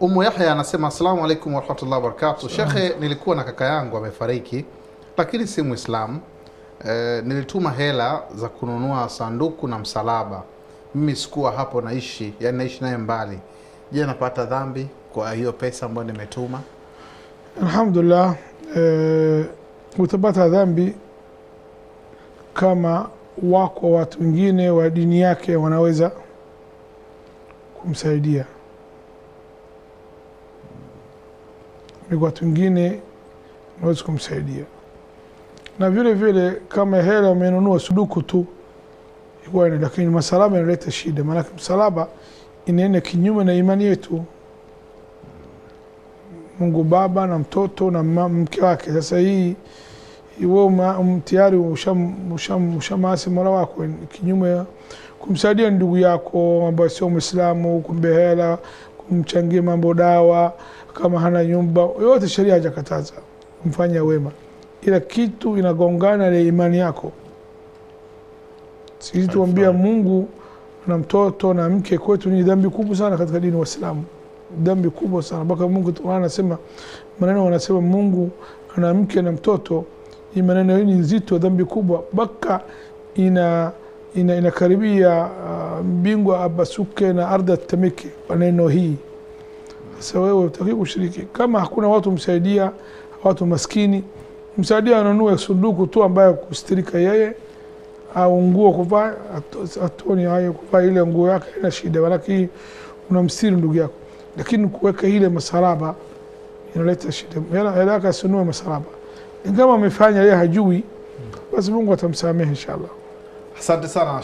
Umu Yahya anasema asalamu alaikum warahmatullahi wabarakatuh. Shekhe, nilikuwa na kaka yangu amefariki, lakini si Muislam. E, nilituma hela za kununua sanduku na msalaba. Mimi sikuwa hapo naishi, yani naishi naye mbali. Je, napata dhambi kwa hiyo pesa ambayo nimetuma? Alhamdulillah, e, utapata dhambi kama wako watu wengine wa dini yake wanaweza kumsaidia ni watu wengine naweza kumsaidia. Na vile vile kama hela umenunua suduku tu ikwani, lakini masalaba inaleta shida, maanake msalaba inaenda kinyume na imani yetu. Mungu Baba na mtoto na mke wake. Sasa hii iwe um, tayari ushamaasi Mola wako kinyume, kumsaidia ndugu yako ambaye sio Mwislamu, kumbe hela mchangie mambo dawa, kama hana nyumba yote, sheria hajakataza mfanya wema, ila kitu inagongana na imani yako. Sisi tuambia Mungu na mtoto na mke kwetu ni dhambi kubwa sana katika dini Waislamu, dhambi kubwa sana mpaka Mungu anasema maneno, wanasema Mungu na mke na mtoto, hii maneno ni nzito, dhambi kubwa mpaka ina, ina, inakaribia uh, mbingwa apasuke na ardhi atetemeke kwa neno hii. Sasa wewe utaki kushiriki kama hakuna watu msaidia, watu maskini msaidia, anunue sunduku tu ambayo kustirika yeye au nguo kuvaa, atoni hayo kuvaa ile nguo yake ina shida, walaki unamstiri ndugu yako, lakini kuweka ile masalaba inaleta shida. Hela yake asinunue masalaba, ingawa amefanya yeye hajui, basi Mungu atamsamehe inshallah. Asante sana.